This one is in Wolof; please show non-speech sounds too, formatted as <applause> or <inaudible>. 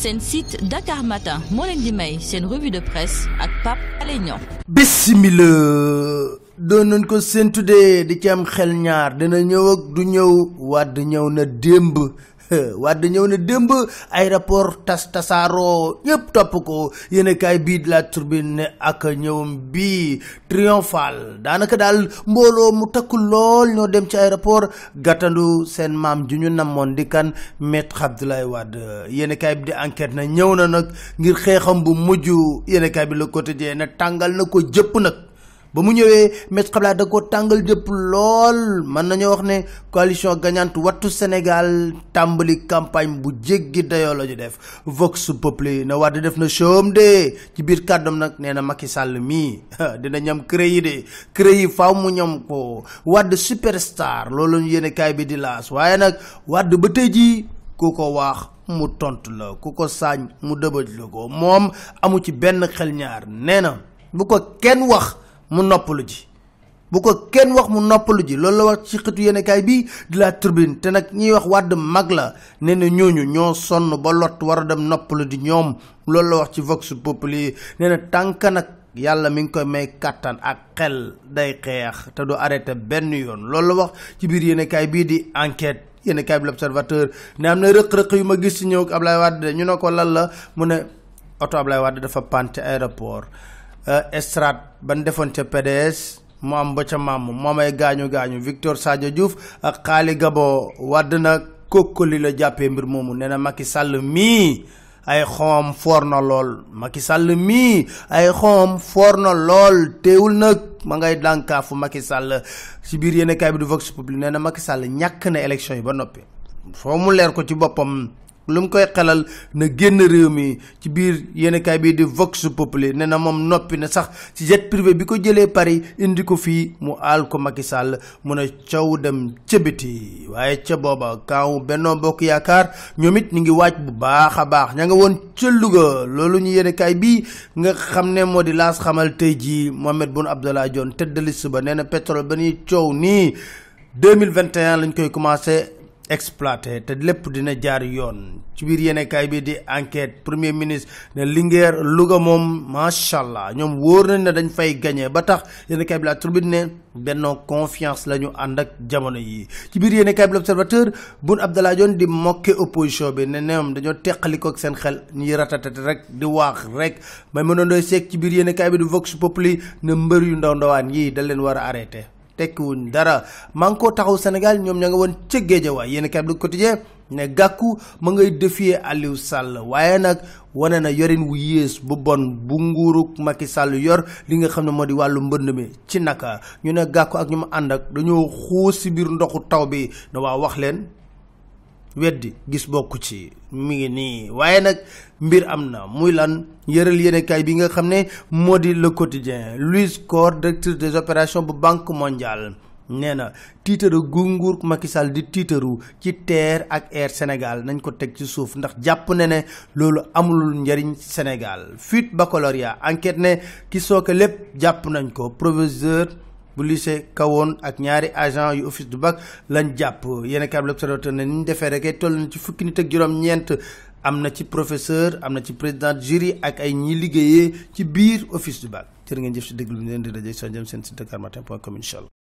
seen site Dakar Matin moo leen di may seen revue de presse ak Pape Alé Niang. Bismillah. doon nañ ko seen tuddee di ci am xel ñaar dina ñëw ak du ñëw wadd ñëw na démb <laughs> Wade ñëw na démb aéroport tas tasaaroo ñëpp topp ko yéenekaay bii di La ne ak ñëwam bii triomphal daanaka daal mbooloo mu takku lool ñoo dem ci aéroport gàttandu seen maam ju ñu namoon di kan Maître lay Wade yéenekaay bi di enquete na ñëw na nag ngir xeexam bu mujj yéenekaay bi la Le Quotidien na tàngal na ko jëpp nag. ba mu ñëwee Maître Abdoulaye da ko tàngal jëpp lool mën nañoo wax ne coalition gagnante wattu senegal tàmbali campagne bu jéggi dayoo la def Vox Populi na wàdd def na showam de ci biir kàddoom nag nee na Macky Sall mii <laughs> dina ñam cré yi de cré yi faw mu ñam ko Wade superstar lool ñu yéene bi di laas waaye nag wàdd ba tey jii ku ko waax mu tontu la ku ko saañ mu dëbëj la ko moom amu ci benn xel ñaar nee na bu ko kenn wax mu noppalu ji bu ko kenn wax mu noppalu ji loolu la wax ci xëtu yéenekaay bi di la Tribune te nag ñiy wax wàdd mag la nee na ñooñu ñoo sonn ba lot war a dem noppalu di ñoom loolu la wax ci Vox Populi nee na tànk nag yàlla mi ngi koy may kàttan ak xel day xeex te du arrêté benn yoon loolu la wax ci biir yéenekaay bii di enquête yéenekaay bi l'Observateur ne am na rëq-rëq yu ma gis ci ñëw Ablaye Wade ñu ne ko lan la mu ne oto Ablaye Wade dafa pante aéroport estrade eh, ban defoon ca PDS mu am ba ca maam moomay gaañu gaañu Victor Sadio Diouf ak xaali Gabo wàdd na kokkoli la jàppee mbir moomu nee na Macky Sall mii ay xoom foor na lool Macky Sall mii ay xoom foor na lool teewul nag ma ngay dànkaafu Macky sàll ci biir yéenekaay bi du Vox Populi nee na Macky Sall ñàkk na élection yi ba noppi foo mu leer ko ci boppam lu mu koy xelal na génn réew mi ci biir yéenekaay bii di Vox Populi ne na moom noppi na sax ci jet privé bi ko jëlee Paris indi ko fii mu aal ko Macky Sall mun a caw dem ca biti waaye ca booba kaawu Benno Bokk Yaakaar ñoom it ñu ngi waaj bu baax a baax ña nga woon ca Louga loolu ñu yéenekaay bi nga xam ne moo di laa xamal tey jii Mohamed Boun Abdallah Dionne tête de liste ba nee na pétrole ba ñuy coow nii 2021 lañ koy commencé exploité te lépp dina jaar yoon ci biir yéenekaay bi di enquête premier ministre ne Linguère Louga moom macha allah ñoom wóor nañ ne dañ fay gañee ba tax yéenekaay bi la Tribune ne bennoo confiance la ñu ànd ak jamono yi ci biir yéenekaay bi l'Observateur Boun Abdallah Dionne di mokke opposition bi ne ñoom dañoo teqalikoo seen xel ñuy ratatati rek di waax rek may mënoon doy seeg ci biir yéenekaay bi di Vox Populi ne mbër yu ndaw ndawaan yii da leen war a arrêté. tekkiwuñ dara koo taxaw Sénégal ñoom ña nga woon ca Géejawaay yéen kat du quotidien ne gàkku ma ngay défier Aliou sàll waaye nag wane na yorin wu yées bu bon bu nguuruk Macky sàll yor li nga xam ne moo di wàllu mbënd bi ci naka ñu ne gàkku ak ñu ma ànd ak dañoo xuus si biir ndoxu taw bi na waa wax leen weddi gis bokku ci mu ngi nii waaye nag mbir am na muy lan yërël yéenekaay bi nga xam ne moo di le quotidien Louise Corr directrice des opérations bu banque mondial nee na tiitaru gu nguur Macky Sall di tiitaru ci TER ak Air Sénégal nañ ko teg ci suuf ndax jàpp ne ne loolu amul njariñ Sénégal fuite baccalauréat enquête ne ki sooke lépp jàpp nañ ko proviseur bu lycée kawoon ak ñaari agent yu office du bac lañ jàpp yéen a kàddu l'Observateur ne ni ñu defee rek toll nañ ci fukki nit ak juróom-ñeent. am na ci professeur am na ci président jury ak ay ñi liggéeyee ci biir office du bac jërë ngeen jëf si déglu ñu leen di rajo soo jëm seen site dakarmatin point com incha